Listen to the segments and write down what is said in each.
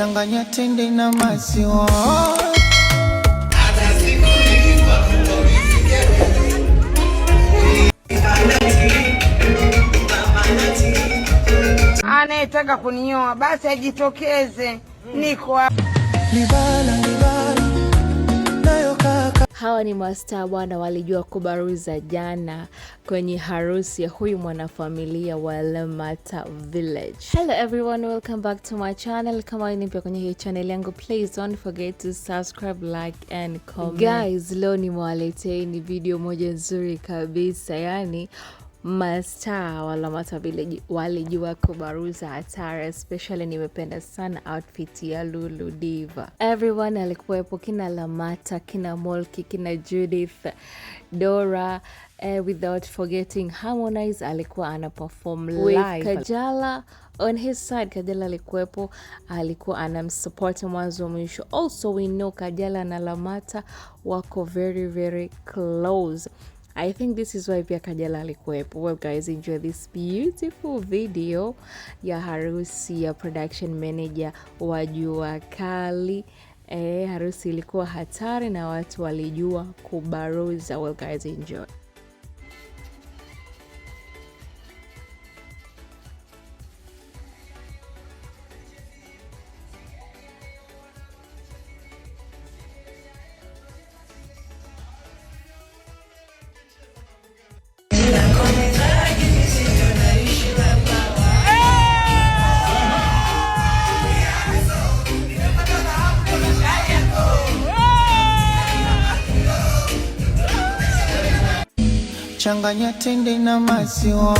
changanya tende na maziwa anayetaka kunioa basi ajitokeze, niko libala libala hawa ni mastaa bwana, walijua kubaruza jana kwenye harusi ya huyu mwanafamilia wa Lemata Village. Hello everyone, welcome back to my channel. Kama ni mpya kwenye hii channel yangu, please don't forget to subscribe, like and comment. Guys, leo nimewaleteeni video moja nzuri kabisa yani mastaa wala watu walijua kubaruza hatari. Especially nimependa sana outfit ya Lulu Diva, everyone alikuwepo, kina Lamata, kina Molki, kina Judith, Dora eh, without forgetting Harmonize alikuwa ana perform live. Kajala on his side, Kajala alikuwepo, alikuwa anamsupport mwanzo mwisho. Also we know Kajala na Lamata wako very very close I think this is why pia Kajala alikuwepo. Well guys, enjoy this beautiful video ya harusi ya production manager wa Jua Kali. Eh, harusi ilikuwa hatari na watu walijua kubaruza. Well guys, enjoy. Changanya tende na maziwa.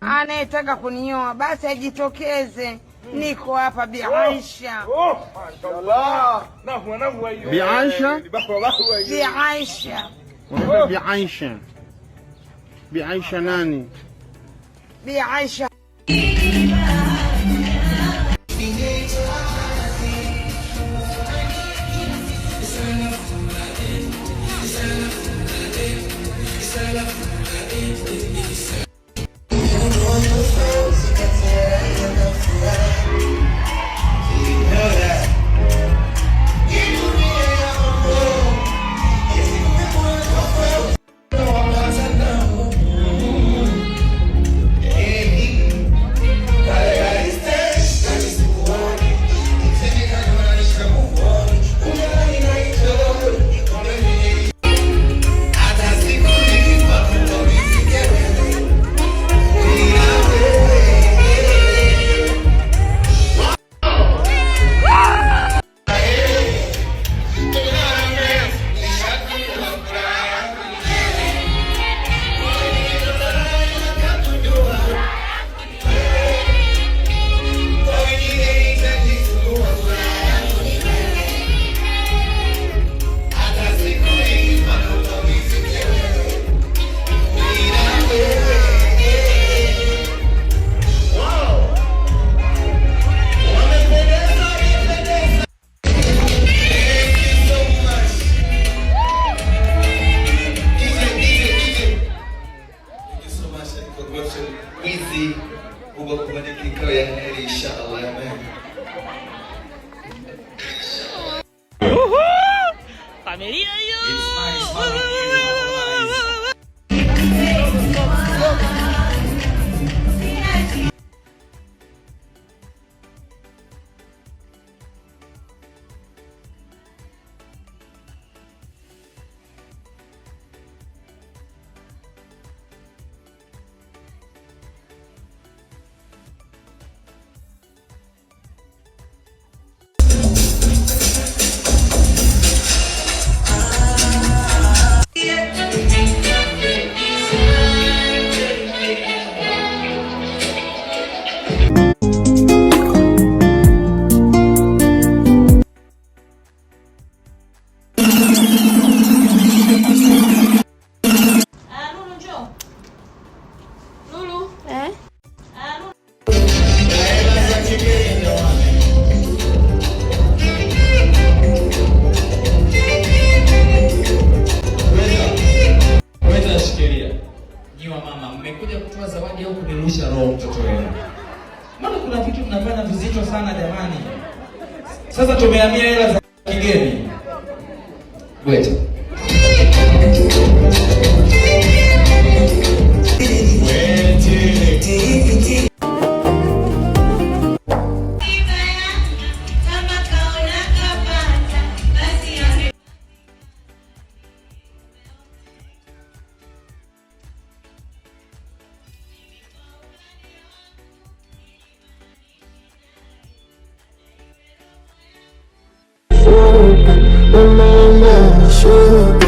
Anayetaka kunioa basi ajitokeze. niko hapa Bi Aisha. Oh, mashallah. Nahwa nahwa hiyo. Bi Aisha? Bi Aisha. Unaitwa Bi Aisha. Bi Aisha nani? Bi Aisha. hizi huko kikao ya heri inshallah, amen. Familia hiyo Sasa tumehamia hela za kigeni. Weta. open, but man, should